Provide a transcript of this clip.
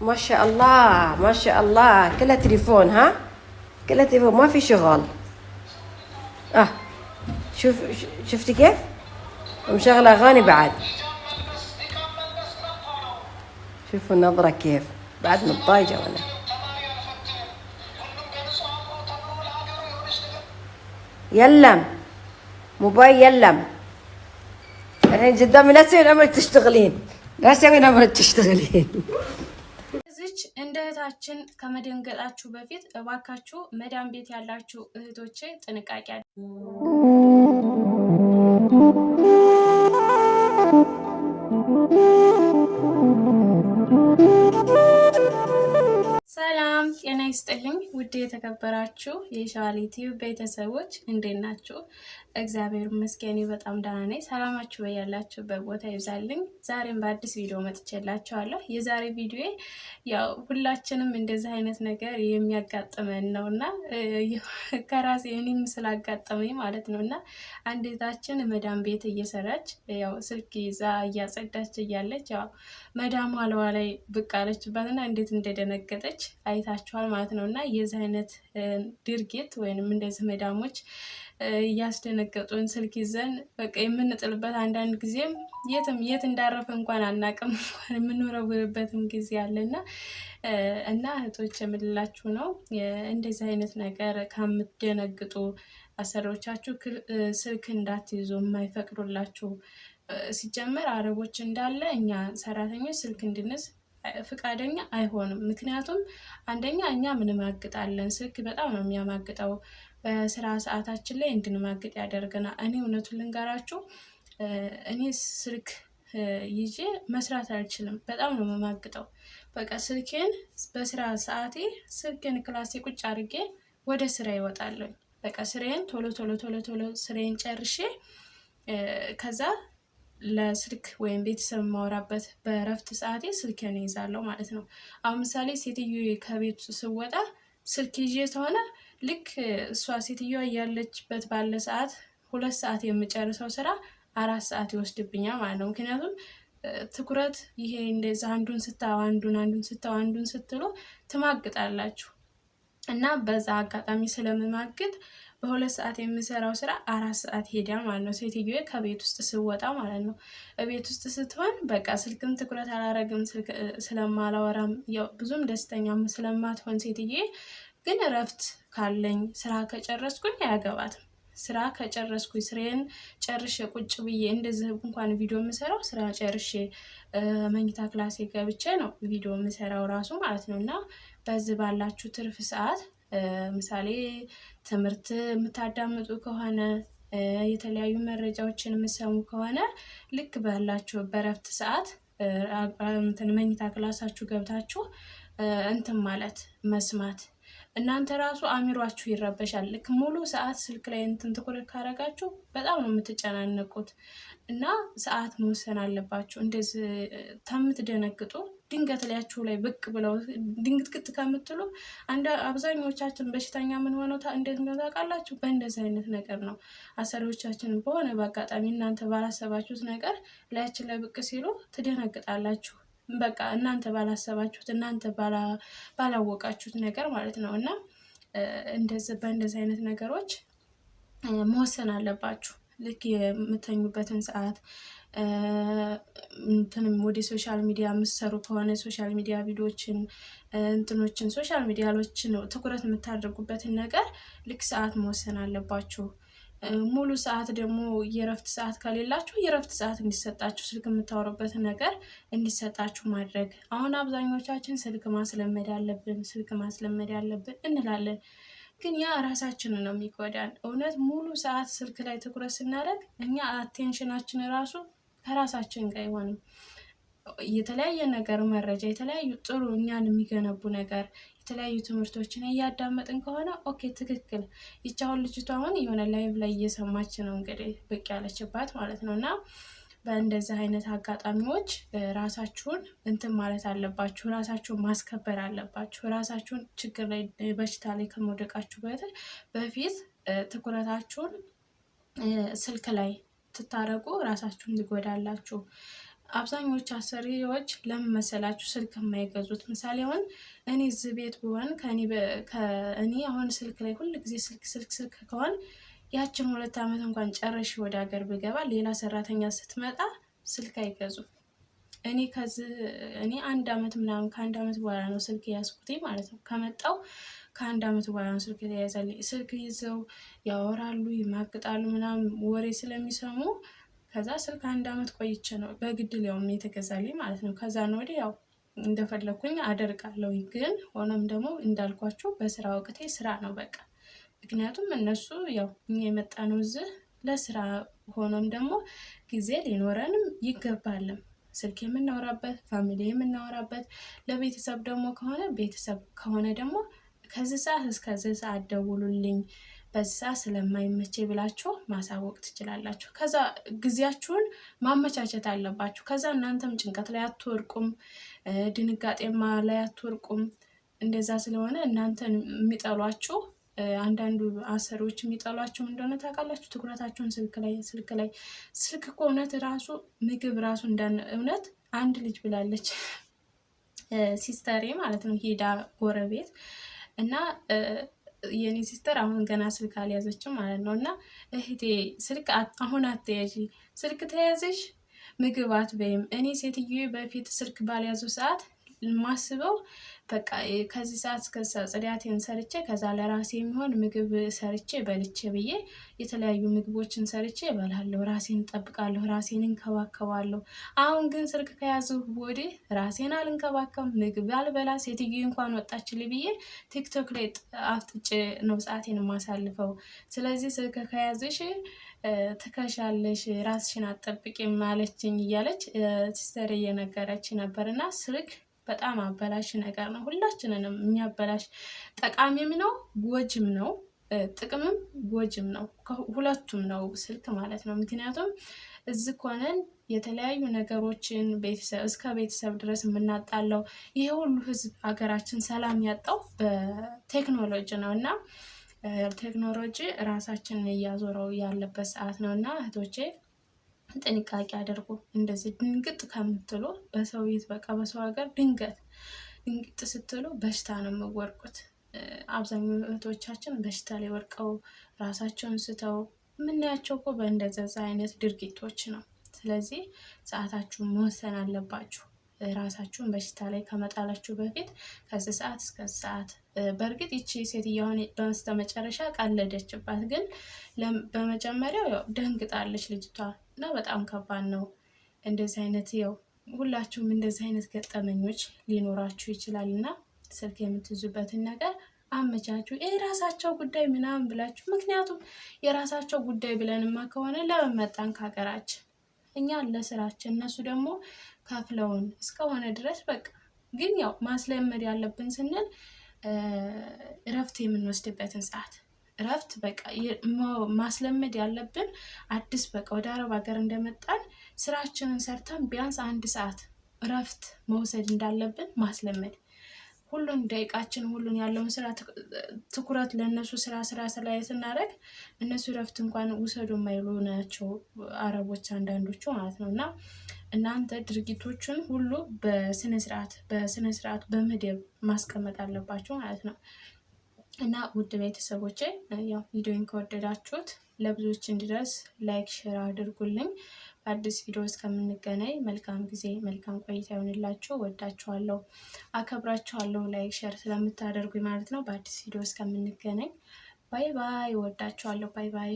ما شاء الله ما شاء الله كلها تليفون ها كلها تليفون ما في شغل اه شوف شفتي كيف ومشغلة أغاني بعد شوفوا النظرة كيف بعد متضايقة وأنا يلم موبايل يلم الحين قدامي لا تسوي عمرك تشتغلين لا تسوي عمرك تشتغلين እንደ እህታችን ከመደንገጣችሁ በፊት እባካችሁ መዳን ቤት ያላችሁ እህቶቼ ጥንቃቄ ይስጥልኝ ውድ የተከበራችሁ የሻሊ ቲዩብ ቤተሰቦች እንዴት ናችሁ? እግዚአብሔር ይመስገን በጣም ደህና ነኝ። ሰላማችሁ በያላችሁበት ቦታ ይብዛልኝ። ዛሬም በአዲስ ቪዲዮ መጥቼላችኋለሁ። የዛሬ ቪዲዮ ያው ሁላችንም እንደዚህ አይነት ነገር የሚያጋጥመን ነው እና ከራሴ እኔም ስላጋጠመኝ ማለት ነው እና አንዴታችን መዳም ቤት እየሰራች ያው ስልክ ይዛ እያጸዳች እያለች ያው መዳሟ አልዋ ላይ ብቅ እንዴት እንደደነገጠች አይታችኋል ማለት ማለት ነው። እና የዚህ አይነት ድርጊት ወይንም እንደዚህ መዳሞች እያስደነገጡን ስልክ ይዘን በቃ የምንጥልበት አንዳንድ ጊዜም የትም የት እንዳረፈ እንኳን አናቅም የምንወረውርበትም ጊዜ አለና እና እህቶች የምልላችሁ ነው እንደዚህ አይነት ነገር ከምትደነግጡ አሰሪዎቻችሁ ስልክ እንዳትይዙ የማይፈቅዱላችሁ ሲጀመር አረቦች እንዳለ እኛ ሰራተኞች ስልክ እንድንይዝ ፍቃደኛ አይሆንም። ምክንያቱም አንደኛ እኛ እንማግጣለን። ስልክ በጣም ነው የሚያማግጠው። በስራ ሰዓታችን ላይ እንድንማግጥ ያደርገናል። እኔ እውነቱን ልንገራችሁ፣ እኔ ስልክ ይዤ መስራት አልችልም። በጣም ነው የማግጠው። በቃ ስልኬን በስራ ሰዓቴ ስልኬን ክላሴ ቁጭ አድርጌ ወደ ስራ ይወጣለሁ። በቃ ስሬን ቶሎ ቶሎ ቶሎ ቶሎ ስሬን ጨርሼ ከዛ ለስልክ ወይም ቤተሰብ የማወራበት በእረፍት ሰዓቴ ስልኬን ይዛለው ማለት ነው። አሁን ምሳሌ ሴትዮ ከቤት ስወጣ ስልክ ይዤ ተሆነ ልክ እሷ ሴትዮዋ እያለችበት ባለ ሰዓት ሁለት ሰዓት የምጨርሰው ስራ አራት ሰዓት ይወስድብኛል ማለት ነው። ምክንያቱም ትኩረት ይሄ እንደዛ አንዱን ስታው አንዱን አንዱን ስታው አንዱን ስትሉ ትማግጣላችሁ እና በዛ አጋጣሚ ስለምማግጥ በሁለት ሰዓት የምሰራው ስራ አራት ሰዓት ሄዳ ማለት ነው። ሴትዮ ከቤት ውስጥ ስወጣ ማለት ነው። ቤት ውስጥ ስትሆን በቃ ስልክም ትኩረት አላረግም፣ ስለማላወራም ብዙም ደስተኛም ስለማትሆን ሴትዮ ግን እረፍት ካለኝ ስራ ከጨረስኩኝ አያገባትም። ስራ ከጨረስኩኝ ስራዬን ጨርሼ ቁጭ ብዬ እንደዚህ እንኳን ቪዲዮ የምሰራው ስራ ጨርሼ መኝታ ክላሴ ገብቼ ነው ቪዲዮ የምሰራው ራሱ ማለት ነው። እና በዚህ ባላችሁ ትርፍ ሰዓት ምሳሌ ትምህርት የምታዳምጡ ከሆነ የተለያዩ መረጃዎችን የምሰሙ ከሆነ ልክ ባላችሁ በረፍት ሰዓት እንትን መኝታ ክላሳችሁ ገብታችሁ እንትን ማለት መስማት እናንተ ራሱ አሚሯችሁ ይረበሻል። ልክ ሙሉ ሰዓት ስልክ ላይ እንትን ትኩረት ካረጋችሁ በጣም ነው የምትጨናነቁት እና ሰዓት መወሰን አለባችሁ። እንደዚህ ከምትደነግጡ ድንገት ላያችሁ ላይ ብቅ ብለው ድንግትግት ከምትሉ አብዛኞቻችን በሽተኛ ምን ሆነው እንዴት ነው ታውቃላችሁ? በእንደዚህ አይነት ነገር ነው። አሰሪዎቻችን በሆነ በአጋጣሚ እናንተ ባላሰባችሁት ነገር ላያችን ላይ ብቅ ሲሉ ትደነግጣላችሁ። በቃ እናንተ ባላሰባችሁት እናንተ ባላወቃችሁት ነገር ማለት ነው እና እንደዚህ በእንደዚህ አይነት ነገሮች መወሰን አለባችሁ። ልክ የምተኙበትን ሰዓት እንትንም ወደ ሶሻል ሚዲያ የምትሰሩ ከሆነ ሶሻል ሚዲያ ቪዲዮችን እንትኖችን ሶሻል ሚዲያሎችን ትኩረት የምታደርጉበትን ነገር ልክ ሰዓት መወሰን አለባችሁ። ሙሉ ሰዓት ደግሞ የእረፍት ሰዓት ከሌላችሁ የረፍት ሰዓት እንዲሰጣችሁ ስልክ የምታወሩበት ነገር እንዲሰጣችሁ ማድረግ። አሁን አብዛኞቻችን ስልክ ማስለመድ አለብን፣ ስልክ ማስለመድ አለብን እንላለን፣ ግን ያ ራሳችንን ነው የሚጎዳን። እውነት ሙሉ ሰዓት ስልክ ላይ ትኩረት ስናደርግ እኛ አቴንሽናችን ራሱ ከራሳችን ጋር አይሆንም። የተለያየ ነገር መረጃ፣ የተለያዩ ጥሩ እኛን የሚገነቡ ነገር የተለያዩ ትምህርቶችን እያዳመጥን ከሆነ ኦኬ ትክክል። ይቻሁን ልጅቷ አሁን የሆነ ላይቭ ላይ እየሰማች ነው እንግዲህ ብቅ ያለችባት ማለት ነው እና በእንደዚህ አይነት አጋጣሚዎች ራሳችሁን እንትን ማለት አለባችሁ። ራሳችሁን ማስከበር አለባችሁ። ራሳችሁን ችግር ላይ በሽታ ላይ ከመውደቃችሁ በፊት ትኩረታችሁን ስልክ ላይ ትታረቁ ራሳችሁን ትጎዳላችሁ። አብዛኞቹ አሰሪዎች ለምን መሰላችሁ ስልክ የማይገዙት? ምሳሌ አሁን እኔ እዚህ ቤት ብሆን ከእኔ አሁን ስልክ ላይ ሁል ጊዜ ስልክ ስልክ ስልክ ከሆን ያችን ሁለት ዓመት እንኳን ጨረሽ ወደ ሀገር ብገባ ሌላ ሰራተኛ ስትመጣ ስልክ አይገዙ። እኔ ከዚህ እኔ አንድ ዓመት ምናምን ከአንድ ዓመት በኋላ ነው ስልክ የያዝኩትኝ ማለት ነው። ከመጣው ከአንድ ዓመት በኋላ ነው ስልክ የተያያዛልኝ። ስልክ ይዘው ያወራሉ፣ ይማግጣሉ፣ ምናምን ወሬ ስለሚሰሙ ከዛ ስልክ አንድ አመት ቆይቼ ነው በግድ ሊያውም የተገዛልኝ ማለት ነው። ከዛን ወዲህ ያው እንደፈለግኩኝ አደርጋለሁ። ግን ሆኖም ደግሞ እንዳልኳቸው በስራ ወቅቴ ስራ ነው በቃ። ምክንያቱም እነሱ ያው እኛ የመጣ ነው እዚህ ለስራ ሆኖም ደግሞ ጊዜ ሊኖረንም ይገባልም። ስልክ የምናወራበት ፋሚሊ የምናወራበት ለቤተሰብ ደግሞ ከሆነ ቤተሰብ ከሆነ ደግሞ ከዚህ ሰዓት እስከዚህ ሰዓት ደውሉልኝ በዛ ስለማይመቼ ብላችሁ ማሳወቅ ትችላላችሁ። ከዛ ጊዜያችሁን ማመቻቸት አለባችሁ። ከዛ እናንተም ጭንቀት ላይ አትወርቁም፣ ድንጋጤማ ላይ አትወርቁም። እንደዛ ስለሆነ እናንተን የሚጠሏችሁ አንዳንዱ አሰሪዎች የሚጠሏችሁ እንደሆነ ታውቃላችሁ። ትኩረታችሁን ስልክ ላይ ስልክ ላይ ስልክ እኮ እውነት ራሱ ምግብ ራሱ እንዳን እውነት አንድ ልጅ ብላለች ሲስተሬ ማለት ነው ሄዳ ጎረቤት እና የኔ ሲስተር አሁን ገና ስልክ አልያዘችም ማለት ነው። እና እህቴ ስልክ አሁን አትያዥ፣ ስልክ ተያዘሽ ምግብ አትበይም። እኔ ሴትዮ በፊት ስልክ ባልያዙ ሰዓት የማስበው በቃ ከዚህ ሰዓት እስከዛ ጽዳቴን ሰርቼ ከዛ ለራሴ የሚሆን ምግብ ሰርቼ በልቼ ብዬ የተለያዩ ምግቦችን ሰርቼ እበላለሁ። ራሴን እጠብቃለሁ ራሴን እንከባከባለሁ። አሁን ግን ስልክ ከያዙ ወዲህ ራሴን አልንከባከብም ምግብ አልበላ ሴትዮ እንኳን ወጣችል ብዬ ቲክቶክ ላይ አፍጥጬ ነው ሰአቴን የማሳልፈው። ስለዚህ ስልክ ከያዝሽ ትከሻለሽ ራስሽን አትጠብቂም ማለችኝ እያለች ሲስተር እየነገረች ነበር። እና ስልክ በጣም አበላሽ ነገር ነው። ሁላችንንም የሚያበላሽ ጠቃሚም ነው ጎጅም ነው። ጥቅምም ጎጅም ነው። ሁለቱም ነው ስልክ ማለት ነው። ምክንያቱም እዚህ ኮነን የተለያዩ ነገሮችን እስከ ቤተሰብ ድረስ የምናጣለው ይሄ ሁሉ ህዝብ ሀገራችን ሰላም ያጣው በቴክኖሎጂ ነው እና ቴክኖሎጂ ራሳችንን እያዞረው ያለበት ሰዓት ነው እና እህቶቼ ጥንቃቄ አድርጉ። እንደዚህ ድንግጥ ከምትሉ በሰው ቤት በቃ በሰው ሀገር ድንገት ድንግጥ ስትሉ በሽታ ነው የምወርቁት። አብዛኛው እህቶቻችን በሽታ ላይ ወርቀው ራሳቸውን ስተው የምናያቸው እኮ በእንደዛ አይነት ድርጊቶች ነው። ስለዚህ ሰዓታችሁን መወሰን አለባችሁ። ራሳችሁን በሽታ ላይ ከመጣላችሁ በፊት ከዚህ ሰዓት እስከ ሰዓት። በእርግጥ ይቺ ሴትዮዋን በመስተመጨረሻ ቀለደችባት፣ ግን በመጀመሪያው ያው ደንግጣለች ልጅቷ እና በጣም ከባድ ነው እንደዚህ አይነት ያው ሁላችሁም እንደዚህ አይነት ገጠመኞች ሊኖራችሁ ይችላል እና ስልክ የምትይዙበትን ነገር አመቻችሁ። የራሳቸው ጉዳይ ምናምን ብላችሁ ምክንያቱም የራሳቸው ጉዳይ ብለንማ ከሆነ ለመመጣን ከሀገራችን? እኛ ለስራችን፣ እነሱ ደግሞ ከፍለውን እስከሆነ ድረስ በቃ ግን ያው ማስለመድ ያለብን ስንል እረፍት የምንወስድበትን ሰዓት እረፍት በቃ ማስለመድ ያለብን አዲስ በቃ ወደ አረብ ሀገር እንደመጣን ስራችንን ሰርተን ቢያንስ አንድ ሰዓት እረፍት መውሰድ እንዳለብን ማስለመድ ሁሉን ደቂቃችን ሁሉን ያለውን ስራ ትኩረት ለእነሱ ስራ ስራ ስላይ ስናደርግ እነሱ እረፍት እንኳን ውሰዱ የማይሉ ናቸው አረቦች አንዳንዶቹ ማለት ነው እና እናንተ ድርጊቶችን ሁሉ በስነስርዓት በስነስርዓት በመደብ ማስቀመጥ አለባችሁ ማለት ነው። እና ውድ ቤተሰቦች ያው ቪዲዮን ከወደዳችሁት ለብዙዎች እንዲደርስ ላይክ፣ ሼር አድርጉልኝ። በአዲስ ቪዲዮ እስከምንገናኝ መልካም ጊዜ፣ መልካም ቆይታ ይሆንላችሁ። ወዳችኋለሁ፣ አከብራችኋለሁ። ላይክ፣ ሼር ስለምታደርጉኝ ማለት ነው። በአዲስ ቪዲዮ እስከምንገናኝ ባይ ባይ። ወዳችኋለሁ። ባይ ባይ።